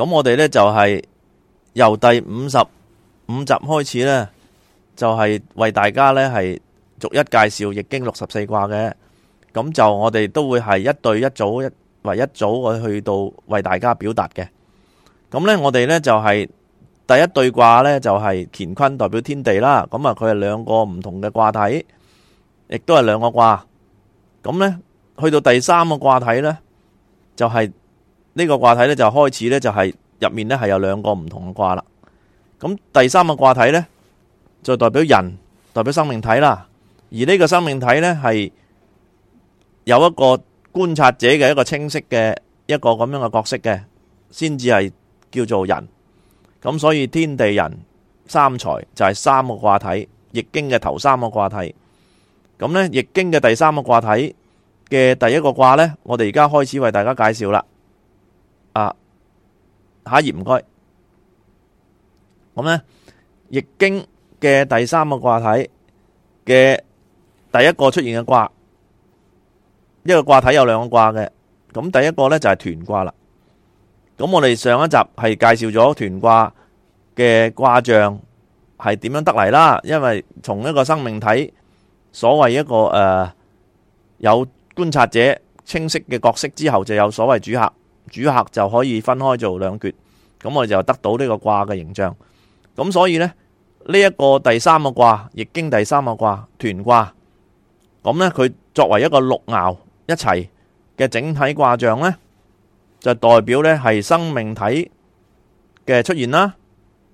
咁我哋呢就係由第五十五集開始呢，就係為大家呢係逐一介紹易經六十四卦嘅。咁就我哋都會係一對一組一為一組去去到為大家表達嘅。咁呢我哋呢就係第一對卦呢，就係乾坤代表天地啦。咁啊佢係兩個唔同嘅卦體，亦都係兩個卦。咁呢去到第三個卦體呢，就係、是。呢個卦體咧就開始咧，就係入面咧係有兩個唔同嘅卦啦。咁第三個卦體呢，就代表人，代表生命體啦。而呢個生命體呢，係有一個觀察者嘅一個清晰嘅一個咁樣嘅角色嘅，先至係叫做人。咁所以天地人三才就係三個卦體，易經嘅頭三個卦體。咁呢，易經嘅第三個卦體嘅第一個卦呢，我哋而家開始為大家介紹啦。啊！下一頁唔該，咁呢，易經嘅第三個卦體嘅第一個出現嘅卦，呢個卦體有兩個卦嘅。咁第一個呢就係屯卦啦。咁我哋上一集係介紹咗屯卦嘅卦象係點樣得嚟啦？因為從一個生命體所謂一個誒、呃、有觀察者清晰嘅角色之後，就有所謂主客。主客就可以分開做兩決，咁我哋就得到呢個卦嘅形象。咁所以咧，呢一個第三個卦，易經第三個卦，屯卦，咁咧佢作為一個六爻一齊嘅整體卦象咧，就代表咧係生命體嘅出現啦。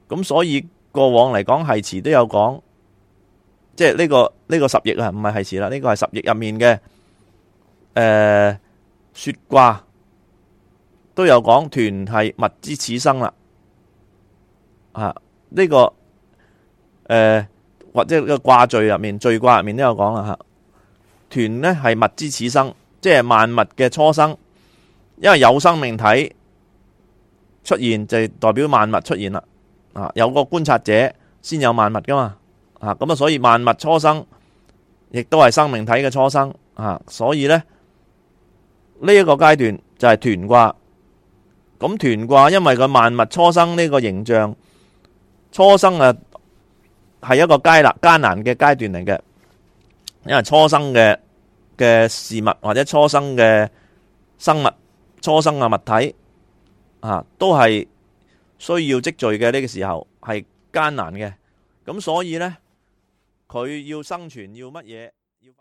咁所以過往嚟講，繫辭都有講，即係呢個呢個十翼啊，唔係繫辭啦，呢個係十翼入面嘅誒，說卦。都有講屯係物之始生啦，呢、這個誒、呃、或者個卦序入面，序卦入面都有講啦吓。屯呢係物之始生，即係萬物嘅初生，因為有生命體出現就代表萬物出現啦。啊，有個觀察者先有萬物噶嘛，啊咁啊，所以萬物初生亦都係生命體嘅初生啊，所以呢，呢、這、一個階段就係屯卦。咁屯卦，因為個萬物初生呢個形象，初生啊，係一個艱難艱難嘅階段嚟嘅，因為初生嘅嘅事物或者初生嘅生物、初生嘅物體啊，都係需要積聚嘅，呢個時候係艱難嘅，咁所以呢，佢要生存要乜嘢？